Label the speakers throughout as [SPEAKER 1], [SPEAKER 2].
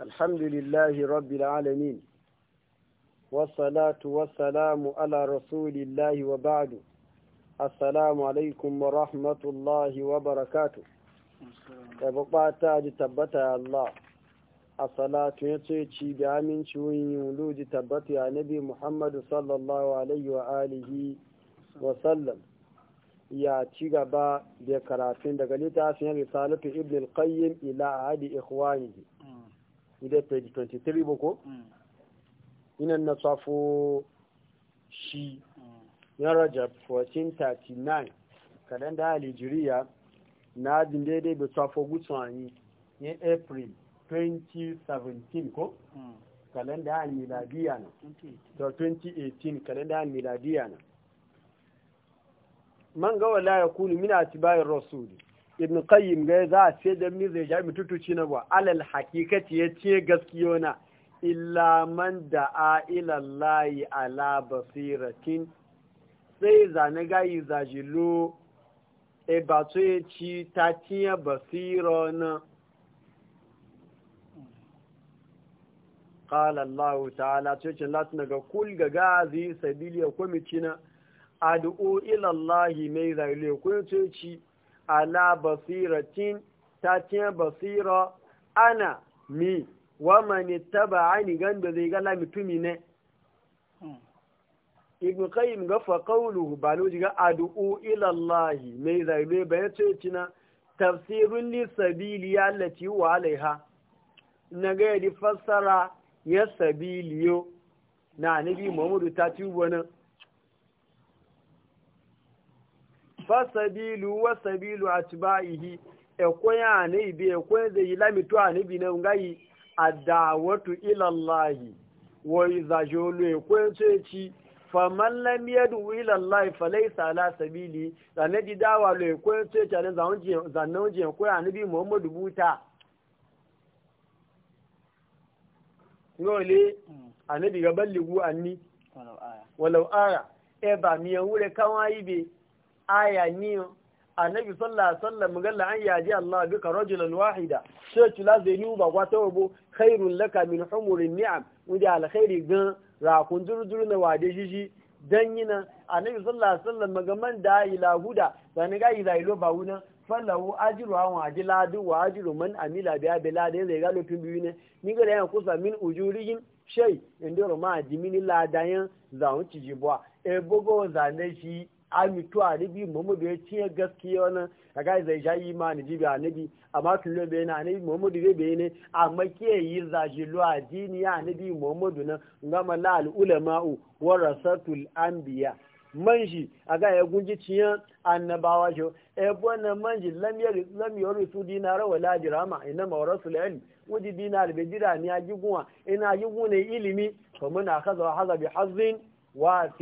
[SPEAKER 1] الحمد لله رب العالمين والصلاة والسلام على رسول الله وبعد السلام عليكم ورحمة الله وبركاته تبقى تبتا الله الصلاة يتشي بعمل شوين ولود تبتا نبي محمد صلى الله عليه وآله وسلم ya ci gaba da karatun daga littafin risalatu ibn al-qayyim ila hadi ikhwanihi idan page 23 boko mm. inan mm. na safo shi yan rajab 1439 kalenda alijiriya na adin daidai da safo gutsun anyi yan april 2017 ko kalenda an miladiya na 2018 kalenda an miladiya na man ga wala ya kunu min atibayin rasuli ibn qayyim ga za a ce da mizai zai mi tutuci na ba alal hakikati ya ce gaskiyo na illa man da a ilallahi ala basiratin sai zane gayi zajilo e ba to ya ci ta tiya basira na qala allah ta'ala to ce latin ga kul ga gazi sabili ya kwamicina ad'u ilallahi mai zajilo ko ya ci ala basiratin ta ce basira ana mi wa mani taba ani ganda zai gala mutumi ne hmm. ibn qayyim ga fa qawluhu balu ga ad'u ila allah mai zaibe ce cina tafsirun li sabili lati wa alaiha na ga di fassara ya sabiliyo na nabi muhammadu ta ci wannan fasabilu wa sabilu atba'ihi ekwen ane bi ekwen zai yi a ane bi na ngai adawatu ila Allah wa idha jolu ekwen ceci faman lam yadu ila Allah falaysa ala sabili zane di dawa lo ekwen ceci na zanonji zanonji ekwen ane bi Muhammadu buta ngole hmm. ane bi gaballigu anni walau aya eba miyan wure kawai be aya ni annabi sallallahu alaihi wasallam galla an yaji Allah ka rajulan wahida sai tula zainu ba kwa tawbo khairul laka min humurin ni'am wudi khairi gan ra kun durdur na wade jiji dan yina annabi sallallahu alaihi wasallam magaman da ila huda dan ga ila ilo ba wuna fallahu ajru an waji wa ajru man amila bi abila da zai ga lutun biyu ne ni ga yan kusa min ujurihin shay indoro ma jimini ladayan zawun cijibwa e bogo zane amitu a ribi muhammadu ya ce gaskiya wani a ga zai ja imani ji ga nabi amma tun lo bai na nabi muhammadu bai bai ne amma ke yi zaji lo addini ya nabi muhammadu na ngama la al wara satul an biya. manji a ga ya gunji ciyan annabawa shi e bona manji lam yari lam yari su dinara wala dirama ina mawrasul ilm wuji dinar bai dira ni aji jiguwa ina aji ne ilimi fa mun akaza haza bi hazin wa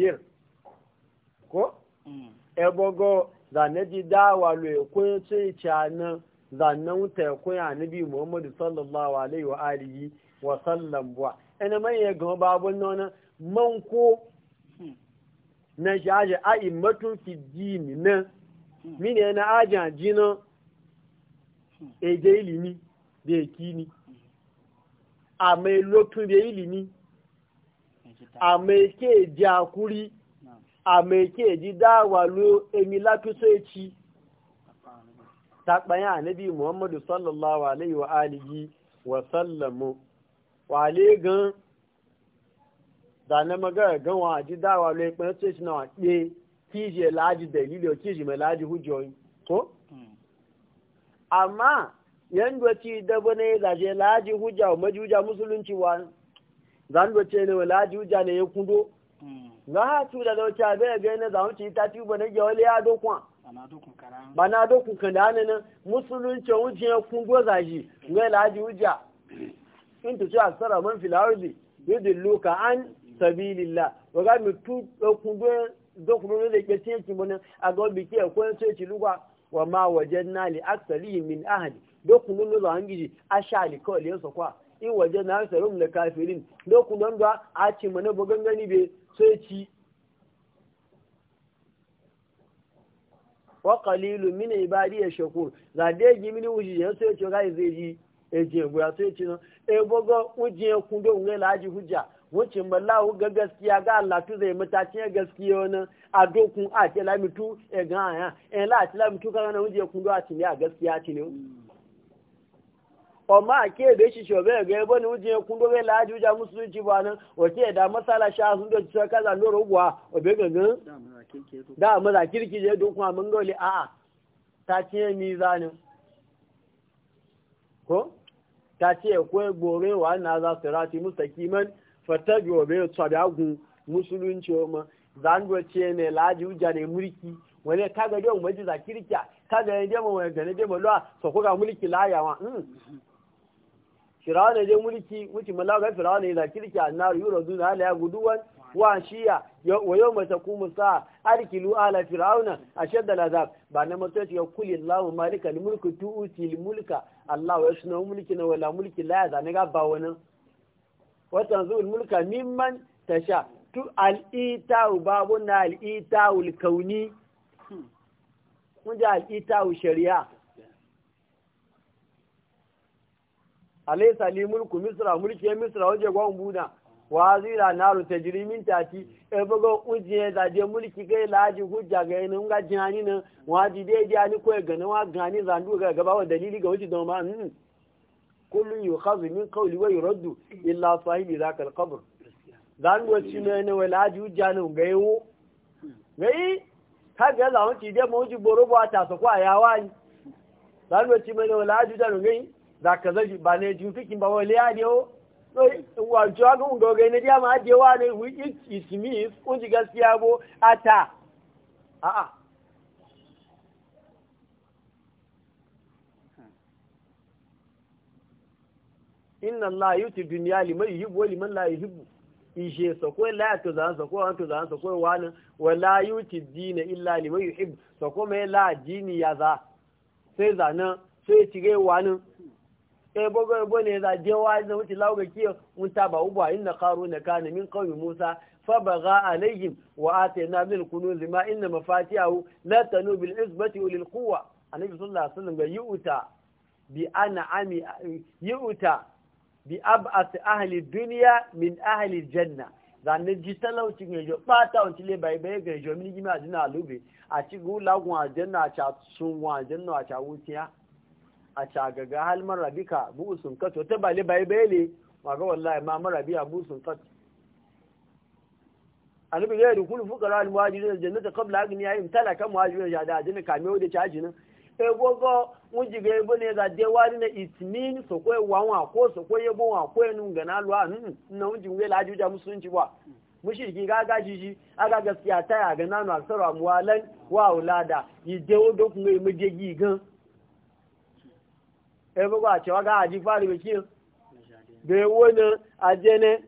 [SPEAKER 1] ko Mm. ebogo zane ji dawa lo ekun ce na zannan wuta a anabi muhammadu sallallahu alaihi wa alihi wa sallam buwa ina mai ya gama babun nona man ko hmm. na shaje a immatun fi dini na hmm. mine na ajan jina hmm. eje ilimi da ekini a mai lokacin da ilimi a mai ke jakuri ameke ji dawa lo emi lafito eci takpanya anabi muhammadu sallallahu alaihi wa alihi wa sallamu wale gan gan wa ji dawa lo ipin to na wa pe kije laji dalili o kije mai laji hujjoyi ko hmm. amma yanzu ci dabo ne zaje laji hujja wa majuja musulunci wa zan ce ne laji hujja ne ya kudo na tu da zauce abin ga yana zaun ci ta tuba na gyawali ya dokun ba na dokun kan da hannun musulunci wujiyar e kun goza shi ngai laji wuja in tuci a tsara man filarzi yadda luka an sabilillah wa ga mi tu e kun dokunan da ke teki mun a ga biki a kun ce ci lugwa wa ma wajanna li aksari min ahli dokunan da zan giji a sha li kawai yansa e kwa in wajanna sarum min kafirin dokunan ga a ci mun bugan gani be sai ci wa qalilu min a yashkur za de ji mini wuji ya sai ci a zai ji e je bu ya sai ci no e bogo wuji ya kundo ga gaskiya ga Allah tu zai mutacin gaskiya wani a dokun a ce ọma ke da shi shobe ga yabo ne wuje kun dobe laji wuja musulunci ba nan wace da masala sha sun da cewa kaza ndoro ugwa obe gangan da maza kirki je don kuma mun dole a'a ta ce mi zanin ko ta ce ko gore wa na za su rati mustaqiman fatabi obe tsabagu musulunci ma zan ce ne laji wuja ne mulki wani kaga don maji za kirkiya kaga ne demo wani gane demo lo so ko ga mulki layawa hmm. ya je mulki wuce firawuna fir'auna yana kirki annar yura zuna ala ya guduwan wa shiya wa yau mai kuma sa arkilu ala firawuna a shadda lazab ba na matsayi ya kuli allahu malika ni mulku tu'uti mulka allah ya suna mulki na wala mulki la ya zane ga ba wani watan zuwul mulka mimman tasha tu al'ita'u babu na al'ita'u kauni kun ji al'ita'u shari'a alaysa li mulku misra mulki misra waje gwan buna wa azira naru tajri min tati e bago ujiye da je mulki ga laji hujja ga ina nga jani na waji de je ani ko ga na wa gani zandu ga gaba wa dalili ga wuci don ma hmm. kullun yukhadhu min qawli wa yuraddu illa sahibi zaka alqabr dan wa ci ne ne wala hujja na ga yo gai ka ga za mu ci je mo ji boro bo ata so kwa yawa ni dan wa ci ne hujja ji da ngai za ka zai ba ne jin fikin ba wale ya dewo wa cewa ga unga ga ne a ma dewa ne we is me kun ji gaskiya bo ata a a inna allaha yuti dunya liman yuhibbu wa liman la yuhibbu ishe sako la to zan sako an to zan sako wani la yuti dina illa liman yuhibbu sako mai la dini ya za sai zanen sai cire wani sai eh, bogo yabo ne za je wa da wuce lauga kiyo mun ta ba uba inna na kana min qawmi musa fa baga alaihim wa atayna min kunuz ma inna mafatihu la tanu bil isbati lil quwa annabi sallallahu alaihi wasallam ga yuta bi ana ami yuta bi ab'as ahli dunya min ahli janna zanne ji talauci ne jo ta on tile bai bai ga jo min gima dina lube a ci gu lagun janna a ca sun wa a ca wuciya a cagaga ka bugu sun kato wata bale bai bele maga wallahi ma marabiya bu'usun kat annabi ya rikul fukara al muhajirin jannata qabla agniya im talaka muhajirin ya da ajin kame wadda caji nan e gogo wuji ga yebo ne ga de wani na itmin so ko wanwa ko so ko yebo wa ko enun ga na lwa nun na wuji ga laju da musulunci ba mushriki ga gashi shi aga gaskiya ta ya ga nanu aksara muwalan wa aulada yi dewo dokun ga mu je gan ebe a cewa ga aji fari bai kiyo bai wani aje ne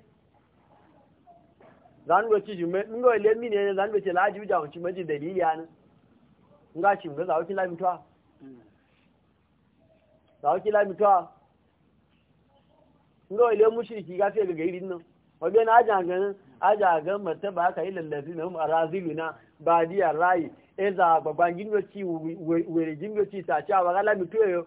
[SPEAKER 1] zanuwa ci jume nga wale mini ne zanuwa ce laji wuja wancin maji dalili ya nan nga ci mga zawoki lamituwa zawoki lamituwa nga wale mushiriki gafe ga gairin nan wabe na aja ganin aja gan mata ba ka um, yi lallazi e na mu arazilu na badiyar rayi eza gbagban gingoci were gingoci ta cewa ba ga lamituwa yau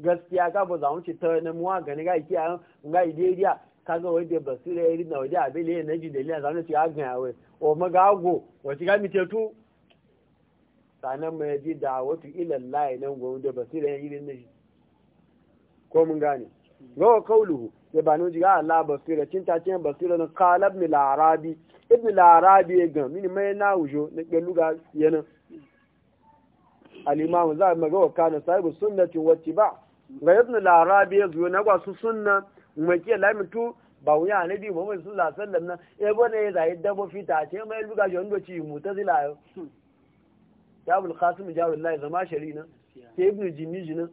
[SPEAKER 1] gaskiya ka ba za mu ci ta na muwa gani ga iki an ga idiriya ka ga wai da basira iri na waje abele na ji dalila za mu ci agan wai o magago wace ga mi tetu sanan mai ji da wato ilan layi nan go da basira ya yi na shi ko mun gane go kauluhu ya ba ji ga Allah basira cin ta cin basira na kalab mi arabi ibn larabi ya gan min mai na wujo na ƙelu ga al-imam za magawa kana sahibu sunnati wa ba ga yadda larabi ya zuwa na kwasu sunna umarki lamitu ba wuya anabi muhammad sallallahu alaihi wasallam na eh, ya gwane ya zai dabo fita ce mai luga shi wanda ci mutazila yo. ya abul qasim jarullahi zama shari na ke ibn jimiji na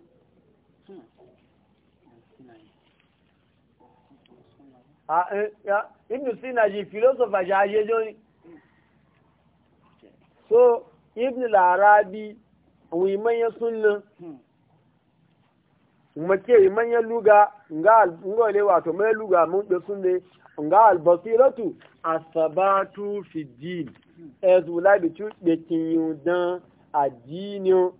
[SPEAKER 1] a eh, ya ibn sina ji philosopher ja je joni so ibn larabi wi manyan sunna hmm. mace manyan luga nga ngole wato mai luga mun da sun ne nga albasiratu asabatu fi din ezula bi tu de kinyudan adinio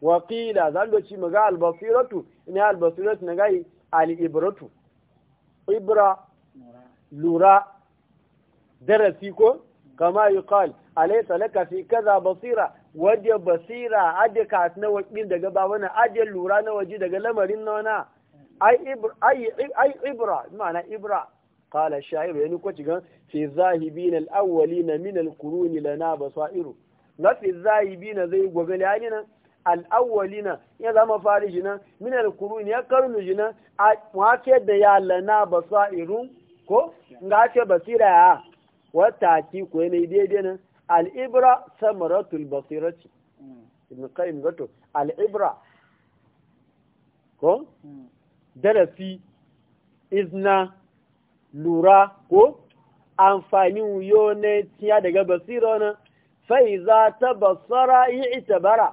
[SPEAKER 1] wa qila zando ci maga albasiratu ne albasiratu na gai al ibratu ibra lura darasi ko kama yi kal alaisa laka fi kaza basira waje basira aje kas na wakil daga ba wani aje lura na waje daga lamarin nona ai ibra ma'ana ibra qala sha'ir yani ko cigan fi zahibin al-awwalin min al-qurun lana iru na fi zahibin zai gobe yani nan al'awali na ya zama fariji nan min al-qurun ya karnu jina a wace da ya lana iru ko ngace basira ya wata ki ko ne daidai nan al'ibra samaratul basirati ibn qayyim gato al'ibra ko hmm. darasi izna lura ko amfanin yo ne tiya daga basira na fai za ta basara yi itabara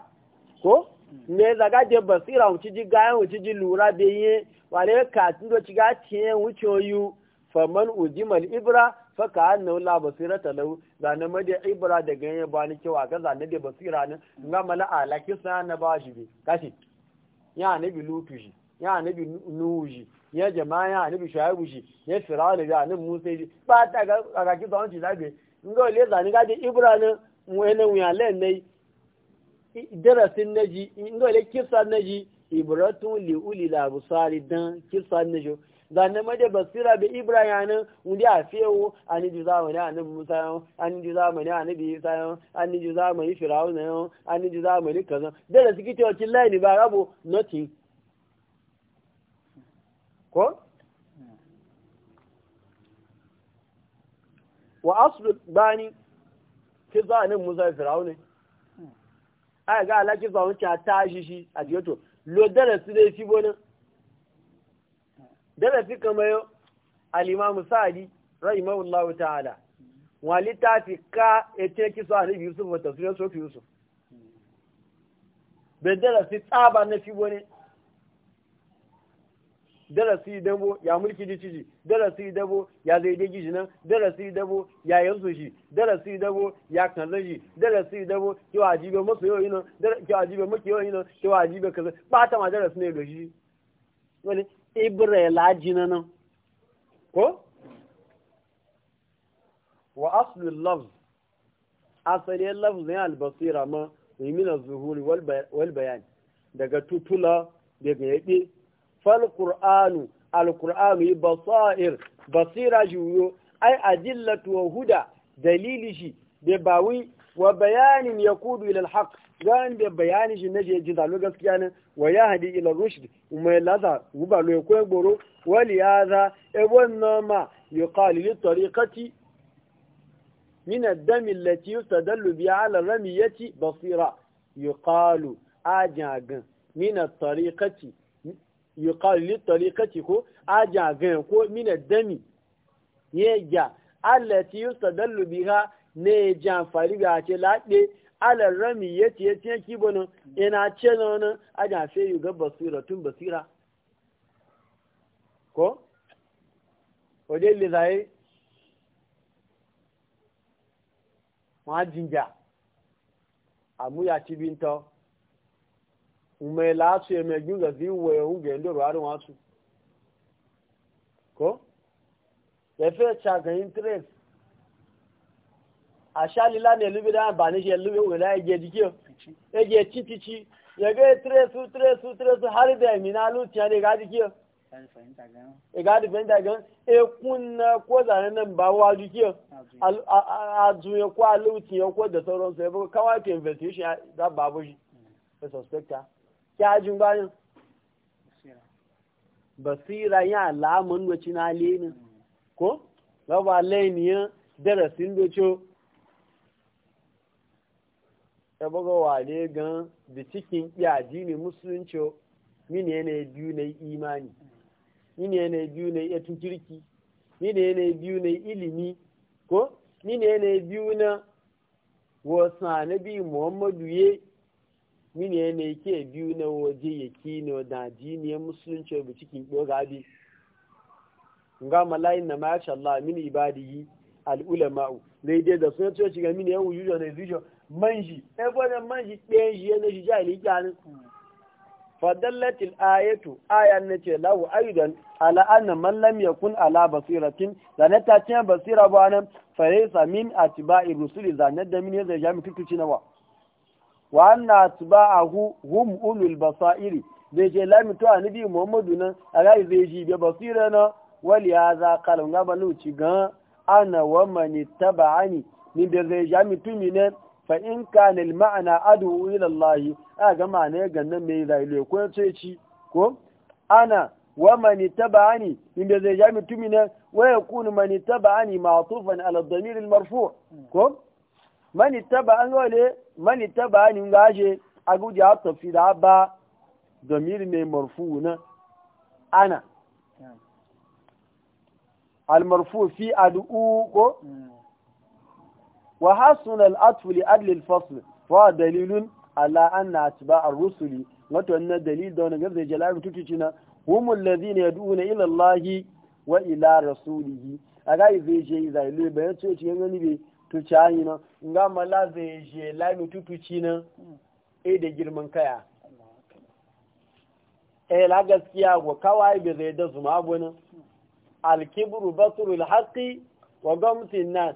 [SPEAKER 1] ko hmm. ne zaga je basira wuce ji gayan wuce ji lura da yi wale ka tun do ci ga tiye wuce oyu faman ujimal ibra faka annahu la ta lahu zane ma da ibra da ganye ba ni kewa ga zane da basira ne nga mala ala kisa na ba shi bi kashi ya nabi lutu shi ya nabi nuhu shi ya jama'a ya nabi shuaibu shi ya fir'auna ya nabi musa shi ba ta ga ga ki don shi zabe nga le zane ga da ibra ne mu ene mu ya le ne darasin naji nga le kisa naji ibratun li ulil dan kisa naji zanne made basira be ibrahim wuri a fiyewo an ni zamani a nabi musa yau an ni zamani a nabi isa yau an ni zamani na yau an ni zamani kaza da da suke cewa kin layi ba rabo nothing ko wa aslu bani a zanin musa e firawuna ai ga alaki zawon ta tashi shi a jiyoto lo su dai fi bonin dada fi kamar yau alimamu sa'adi rahimahullahu ta'ala wali ta fi ka ce kisa a rufi yusuf su tafsirin sofi yusuf bai dada fi tsaba na fi wani darasi dabo ya mulki ji ciji darasi dabo ya dai gishi nan darasi dabo ya yansu shi darasi dabo ya kanzan shi darasi dabo kiwa wa ajibe masu yi nan kiwa ajibe maki yi nan kiwa ajibe kaza ba ta ma darasi ne ga shi ibra laji na nan ko wa aslu lafz asali lafz ne albasira ma min zuhuri wal bayani daga tutula daga yabe fal qur'anu al basair basira juyo ai adillatu wa huda dalili shi da bawi wa bayanin yakudu kudu ilal haqq da bayani shi na je ji zalo gaskiya ne wa ya hadi ila rushd umma laza guba lo ko goro wali za e wonno ma yuqal li tariqati min ad-dam allati yustadallu bi ala ramiyati basira yuqalu ajagan min at-tariqati yuqal li tariqati ko ajagan ko min ad-dam yeja allati yustadallu biha ne jan fariga ce laɗe ala rami ya ce ya ki bano ina ce na wani aja fe yi ga basira tun basira ko wajen lizaye ma jinja amu ya ci binta ume lasu ya mai gunga ziwe ya hunga yadda ruwarin wasu ko ya fi ya caga interest àṣálilá ní ẹlúbí dáhà bà ní ṣe ẹlúbí òwúrẹ́ ẹjẹ díkí ọ ẹjẹ títí ẹgbẹ́ tírẹ́sù tírẹ́sù tírẹ́sù hárídẹ̀ ìmìnà alútìyàn ní ìgádìí kí ọ ìgádìí fẹ́ntà gan ekun na kóza nínú bá wájú kí ọ àdùn ẹkọ́ alútìyàn kó dẹ̀tọ́ rọ sọ ẹbọ káwọn kì investigation dábà bó ṣe ẹ sọ̀spẹ́kta kí basira ya àlàámọ̀ nínú ẹ̀chìn alẹ́ ni kó lọ́wọ́ alẹ́ ènìyàn dẹ̀rẹ̀ sí ta buga wale gan da cikin yaji ne musulunci mini yanayi biyu na imani mini yanayi biyu na iya kirki mini yanayi biyu na ilimi ko mini yanayi biyu na wasa na bi muhammadu ye mini yanayi ke biyu na waje yake ne da jiniyar musulunci da cikin ɗoga bi nga malayin na masha Allah mini ibadihi al'ulama'u zai dai da suna cewa shiga mini yan wujujo na izujo manji ebonin manji ɗayan shi yana shi jahili gyanin fadallatil ayatu ayan ne ce lahu aidan ala anna man lam yakun ala basiratin zane ta ce basira ba nan farisa min atba'i rusuli zane da min yadda jami tukuci na wa wa anna atba'ahu hum ulul basairi zai ce lami to annabi muhammadu nan ala zai ji be basira na wal ya za qala ngaba luci gan ana wa man tabani ni da zai jami tumi ne fa in kana ma'ana adu ila Allah a ga ma'ana ganin me zai le ko ce ci ko ana wa mani man tabani inda zai ja mutumi ne wa yakunu man tabani ma'tufan ala dhamir al marfu' ko Mani taba an wale man tabani ngaje a atafi da ba dhamir ne marfu' na ana hmm. al marfu' fi ad'u ko hmm. wa hasunal atu li adlil fasl wa dalilun ala anna atba ar-rusuli wato wannan dalil da wannan gaza jalalu tutuci na humul ladina yad'una ila allahi wa ila rasulihi aga ibe je zai le bayan ce cikin gani be to chayi na nga mala zai je lalu tutuci na e da girman kaya eh la gaskiya go kawai be zai da zuma abunan al-kibru batrul haqqi wa gamtin nas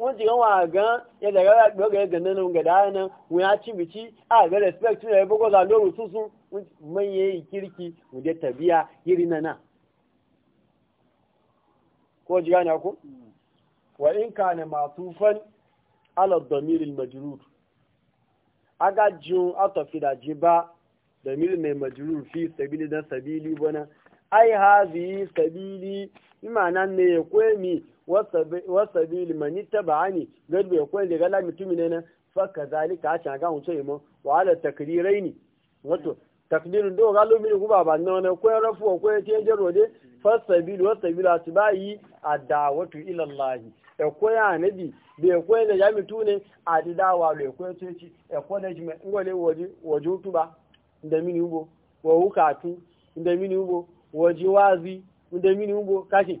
[SPEAKER 1] wọ́n ti wọ́n àgán yẹ̀dẹ̀ rẹ̀ gbọ́gẹ̀ gẹ̀ẹ́nẹ́ nínú gẹ̀dá ẹ̀nà wọ́n á tí bìtí àgẹ́ respect rẹ̀ bókọ́sà lóru tuntun mẹ́yẹ ìkíríkì òde tàbíyà yìí nana kó o jìgá ní ọkú wà ń kà ní màá tún fẹ́ alọ̀dọ̀mírì mẹjúrúr agájú atọ̀fìdàjì bá dọ̀mírì mẹjúrúr fi sẹ̀bílì dán sẹ̀bílì bọ́ná ai ha zìí sẹ̀bílì kwemi. wasabi bi limani taba'ani gadu ya kwai daga la mutumi ne na faka zalika a can ga yi imo wa ala takrirai ne wato takdirin do ga lomi ku baba na ne ko rafu ko tiyan je rode fa bi wa bi lati bayi adawatu ila allah e kwai anabi be kwai da ya mutune wa le ce tsoci e ko ne jima ngole waji waji tuba da mini ubo wa hukatu da mini ubo waji wazi da mini ubo kashi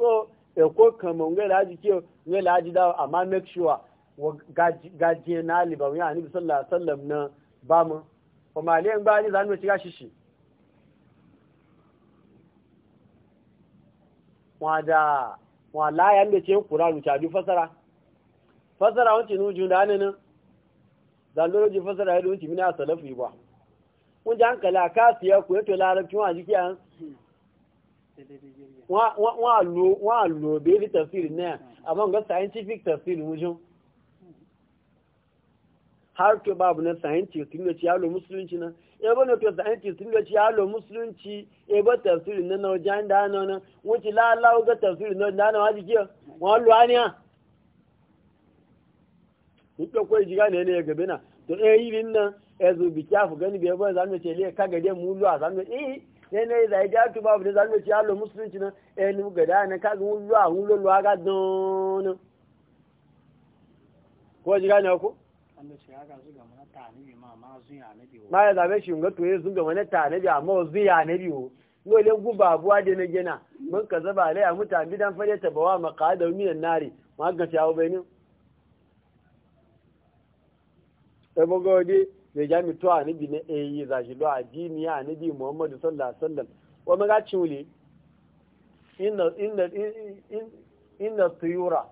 [SPEAKER 1] so e ko kama ngai laji ke ngai laji da amma make sure gaje na liba wani anabi sallallahu alaihi wasallam na ba mu kuma le ba ni zanu shiga shishi wada wala ya ne ce Qur'an ta du fasara fasara wancin nuju da nan zaloro ji fasara ya e dunci mina salafi ba kun ji kala ka siya ku e to larabci wa jiki an wọ́n à lò bèèrè tafsiri náà àmọ́ scientific tafsiri wújú har to na scientist inda ci yalo musulunci na ebe bane to scientist inda ci yalo musulunci ebe tasiri na naujan da na na wuce lalawa ga na da na waje ke wani luwaniya duk kawai jiga ne na ya gabe na to eh yi eh, ka yanayi zai ja tu ba da zalmi ci alo musulunci na enu gada na ka ga wuzu a hulo lo aga don ko ji gane ku ma ya zabe shi ngato ya zunga wani ta nabi amma zuya nabi ho wale guba abuwa da na gina mun ka zaba lai a mutan bidan fare ta bawa maqada minan nari ma ga shawo e bai ne Ebogodi, zai ja mi tuwa ni bine e eh, za shi doa dini ya nabi muhammad muhammadu sallallahu alaihi wasallam wa maga ciwule inna inna inna tuyura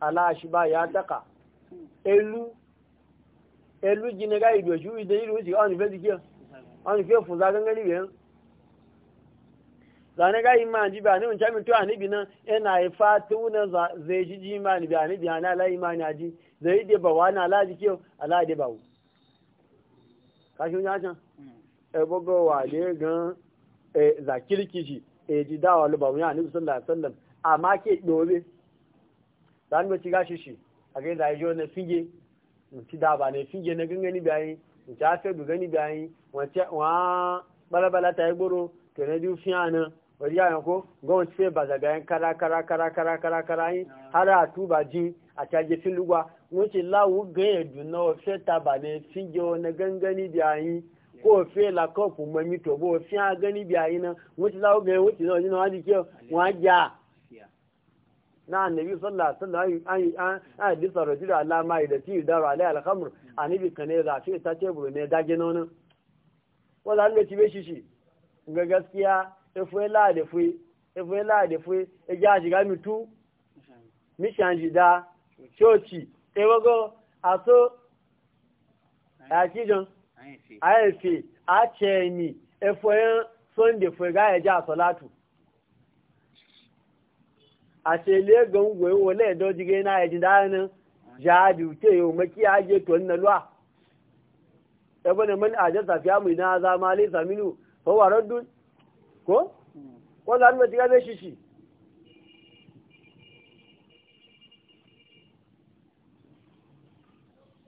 [SPEAKER 1] ala shi ba ya daka elu elu jine ga ido shi idan ido shi on fe dikiya on fe fu za gangani biyan eh. zane ga iman ji ba ni mun chami tuwa ni na ina e fatu na e zai ji ji imani bi ani bi ana la a ji zai de bawana ala dikiyo ala de bawo kashin yashin ebogowa ne gan za kirkishi e ji dawa luba wani anibu sallallahu alaihi wasallam amma ke dole da ci gashi shi a ga da yajo na fige ci da ba ne fige na gangani bayan ci afe du gani bayan wace wa balabala ta goro na ju wari ko gwamnati sai ba kara kara kara kara kara kara yi har a tuba ji a caje wuce lawu gaya duna ofe taba ne fige wani gangani yi ko ofe la kọpù mami to bo ofe a gani biyayi na wuce lawu gaya wuce na ọjọ́ na wájú kí wọ́n já na annabi sallallahu alaihi wasallam an yi bisa rajulu alama idan ti daru alai alhamur annabi kan ne zafi ta teburu ne dage nono wanda an lati be shishi ga gaskiya e efu la de fu efu la de fu e ja e e, e shiga mitu mi chanji da chochi ewago aso akijan ayefe acheni efoyen sunday fwega eja asolatu asele gan gwe wole dojige na ejin dana jaadi ute yo maki aje to na lwa ebone man aje tafiya mu ina Azama mali saminu ko waradun hmm. ko ko zan mu tiga be shishi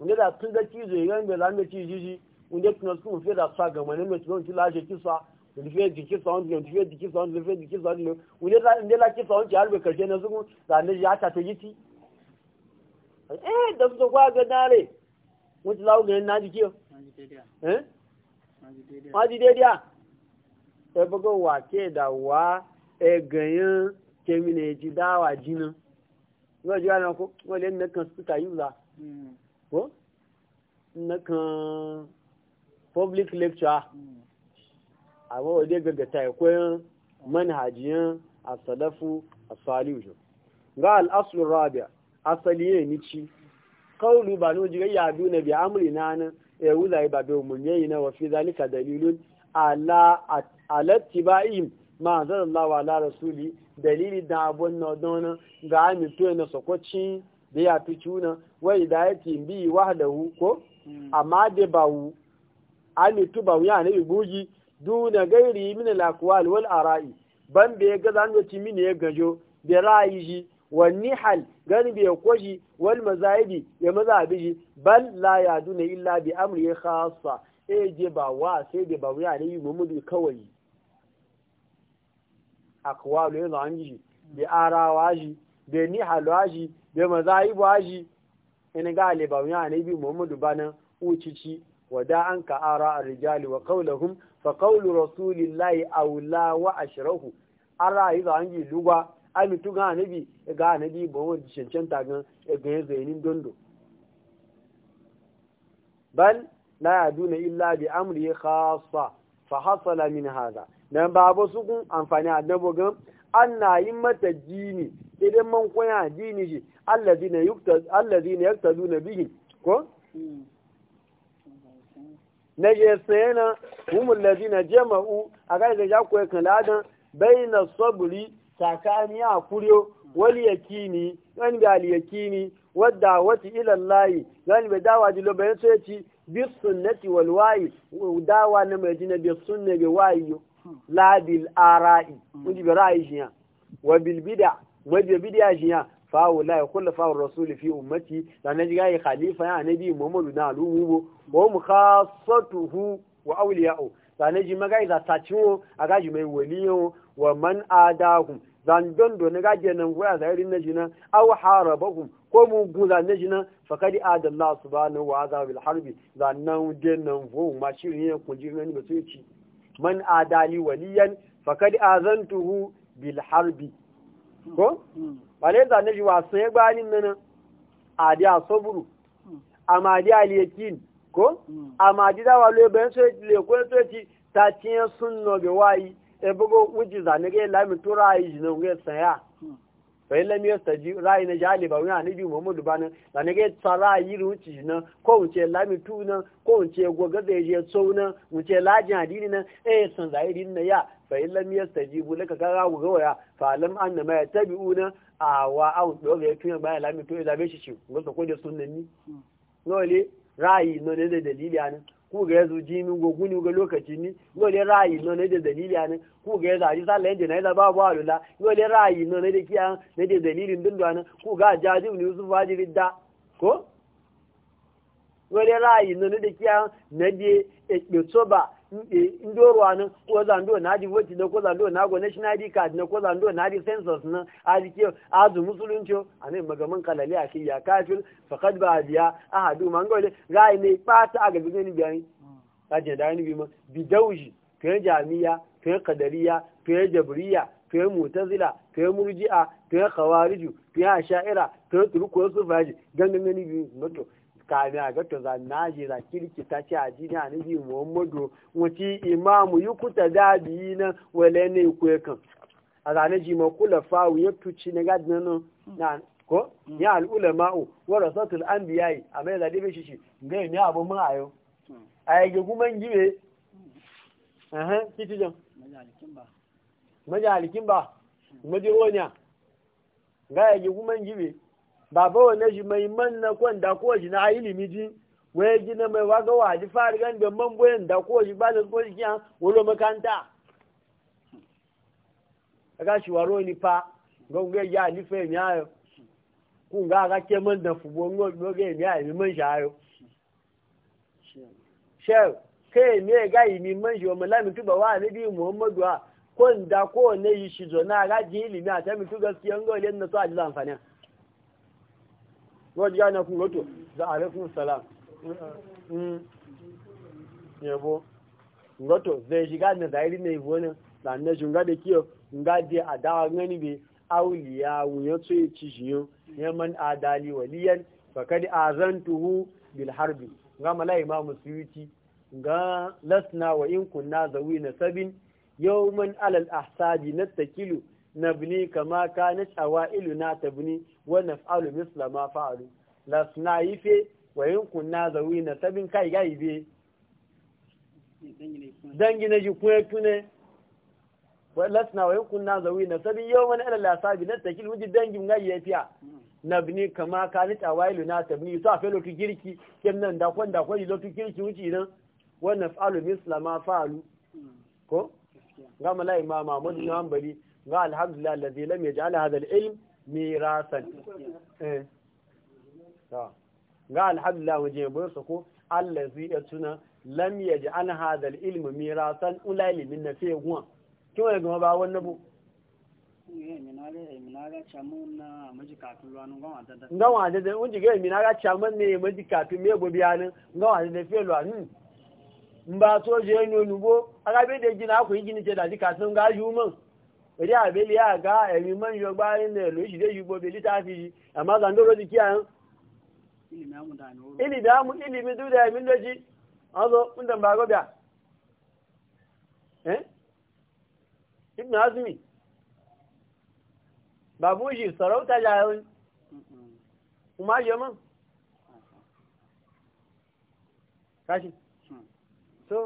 [SPEAKER 1] wanda e e, da tun e da cizo ya gani da da ci jiji wanda tun su fi da sa gama ne mutum ci lashe kisa wanda fi da kisa wanda wanda fi da kisa wanda fi da kisa wanda wanda da inda la kisa wanda har bai karshe na zugun da ne ya ta ta ci? eh da su kwa ga dare wanda lawo ga na ji kiyo ma ji dai dia e wa ke da wa e ganyen kemine ji dawa jinan yau ji ana ko wale ne kan su yi za ko na kan public lecture a wawa dai gaggata ya koyan manhajiyan asalafu salihu ga al'asulun rabia asali ne ni ci kawulu ba nun jirai yadu na biya amuri na nan ya e wula ya babe umarni na wafi zalika dalilun alattiba'im ma zanen lawa ala rasuli dalili da abun na ga amintu na sokwacin da ya fi cuna wai da ya ce bi hu ko mm. amma da ba wu an yi tuba ya ne duna gairi min al wal ara'i ban da ya ga zan ci mini ya gajo da ra'ayi shi والنحل غنب la ya duna illa bi يعدون ya khasa E' je ba wa sai da ba wuya na yi mummudu kawai ya yanzu an yi da arawa shi da ni halwaji da mazaibu aji ina ga alibawu ne bi muhammadu bana ucici wada an ka ara arrijali wa qawluhum fa qawlu rasulillahi awla wa ashrahu ara yi za yi lugwa ami tu ga bi ga annabi cincin ta gan e ga zainin dondo bal la yaduna illa bi amri khassa fa hasala min hada dan babu su kun amfani a ana yi mata jini idan man kwaya jini ji allazi ya ta zuna bihin ko? na yasa na humul lazi na jama'u a kan ga jakuwa kaladan bai na saburi takani a kuriyo wani yakini wani ga aliyakini wadda wata ilan layi gani bai dawa jilo bayan ci bis sunnati wal wayi dawa na mai jina bis sunne bai wayi la bil ara'i mun hmm. bi ra'ayi shi wa bil bid'a wa bi bid'a shi ya fa wala ya kullu fa rasul fi ummati la naji gai khalifa ya nabi muhammadu na alubu wa mukhassatuhu wa awliya'u la naji ji magai da tachiwo aga ji mai waliyo wa man adahum zan don do na gaje nan goya zahirin na aw harabahum ko mu guza na fakadi adallahu subhanahu wa ta'ala bil harbi zan nan den nan vo ma shirin ya kunji ne ba ci man adali waliyan fakad azantuhu bil harbi ko wale za na ji wasu ya gbanin nan adi asoburu amadi aliyakin ko di dawa lo ben so le ko so ti ta tiyan sunno be wayi e bugo wuji ne ga lamin tura yi ne ngai saya fa yi lamiyar taji ra'ayi na jali ba wani anibi muhammadu ba nan ba ne gai tsara ra'ayi rin wuce na, ko in ce lami tu na, ko in ce gwagwa zai je tsohu nan in ce lajin adini na, eh san zahiri na ya fa yi lamiyar taji bu laka gara guga ya, fa lam an na mai tabi u nan a wa awu dole ya tuya bayan lami tu ya zabe shi ci gusa ko da sunan ni hmm. nole ra'ayi ne da dalili a ku ga yazo jini go guni ga lokaci ni go le rayi no ne da dalili ne ku ga yazo ji sallah inda na ba ba lula go le rayi no ne da kiya ne da dalilin din da ne ku ga jaji ibn yusuf da ko go le rayi no ne da kiya ne da ekpe e, soba indo doro ko zando na di voti na ko zando na go national id card na ko zando na di census na azike azu musulunci anai magaman kalali a kiyya kafir faqad ba biya ahadu mangole gai ne pata aga bigani biyan kaje mm. da ni bi dauji kai jamiya kai qadariya kai jabriya kai mutazila kai murji'a kai khawariju kai asha'ira kai turku sufaji gangan ni bi mato kami a gato za na je za kirki ta ce a jini a nabi muhammadu wuci imamu yi kuta dabi yi na wale ne kuwa kan a zane ji ma kula fawu ya tuci na gadi na ko mm. ya al'ula ma'u wadda rasatul an biya yi a mai zaɗe bai shishi ga yi ne abu mun ayo a yage mm. kuma gibe mm. kiti jan
[SPEAKER 2] majalikin ba
[SPEAKER 1] majalikin majalikin ba ba ga yage kuma gibe baba wane shi mai man na kwan da ko shi na ayi limiji waye gina mai waga wa ji fara gan da man boyen da ko shi ba da ko shi kiyan wolo makanta aga shi waro ni fa gonge ya ni fe mi ayo kun ga ga ke man da fubo ngo gonge mi ayo man sha ayo shel ke ne ga yi mi man shi o mala mi tuba wa ni bi muhammadu a kon da ko ne yi shi zo na ga ji ilimi a ta mi tuga kiyan go le na so a ji amfani wọ́n yá na kun lọ́tọ̀ za a alaikun salam yabo lọ́tọ̀ zai shiga na zairi na ibo nan da na shunga da kiyo nga je a dawa gani be auliya wuyan so ya ci shiyo neman adali waliyan fakad azantuhu bil harbi nga mala imamu suyuti ga lasna wa in kunna zawi na sabin yawman alal ahsabi nastakilu nabni kama ka na kanat awailuna tabni wa naf'alu misla ma fa'alu la sunaife wa in kunna na sabin kai gaibe dangine ji kuma tune suna wa in kunna zawina tabin yawman ala lasabi na takil wuji dangin gai yafiya nabni kama ka kanat awailuna tabni to a felo tu girki kin nan dakon kon da kon lo tu idan wuci nan wa naf'alu misla ma fa'alu ko ga malai ma mamun na bari ga alhamdulillah allazi lam yaj'al hadha al-ilm mirasan eh ga alhamdulillah waje bar su ko allazi yatuna lam yaj'al hadha al-ilm mirasan ulai min nafi gwa to wani gama ba wannan bu ngawa da da unji ga mi na ga chairman ne maji kafin me gobi anin ngawa da da felo anin hmm. mba so je ni onugo aga be de jina ko yi jini je da dikasun ga yumun rí àbẹ́lẹ̀ àgá ẹ̀rí mọ́yọ gbá ilẹ̀ lóṣìṣẹ́ yìí gbogbo èlítà fi àmọ́gà ń dóró di kí à ń ilẹ̀ dáàmú ilẹ̀ mi dúró ẹ̀mí lójí wọ́n sọ ń tẹ̀m̀bà gọ́bíà ibùn azumi bàbú so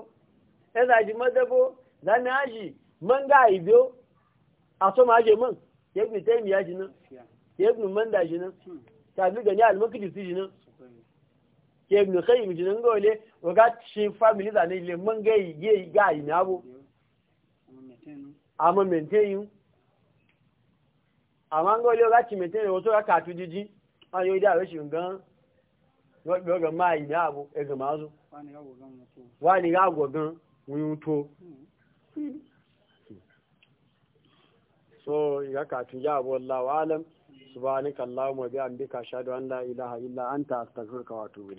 [SPEAKER 1] ẹ̀sà ìjìmọ́tẹ́fó zani ájì mọ́ngà ìbíó a ma je man ya ibn taymiya ji nan ya ibn manda ji nan tabi gani al-makdisi ji nan ibn qayyim ji nan gole waga shi family da ne le man ga yi ga yi na bo amma maintain amma gole waga ci maintain wato ka katu jiji an yo da rashin e gan wọ́n gbọ́ máa ìdá àbò ẹgbẹ̀máàzù wà ní gáàgọ̀ gan wọ́n yún so ya kafin ya abu wallahu alam subhanaka allahumma bi amdika ashhadu an la ilaha illa anta astaghfiruka wa atubu ilayk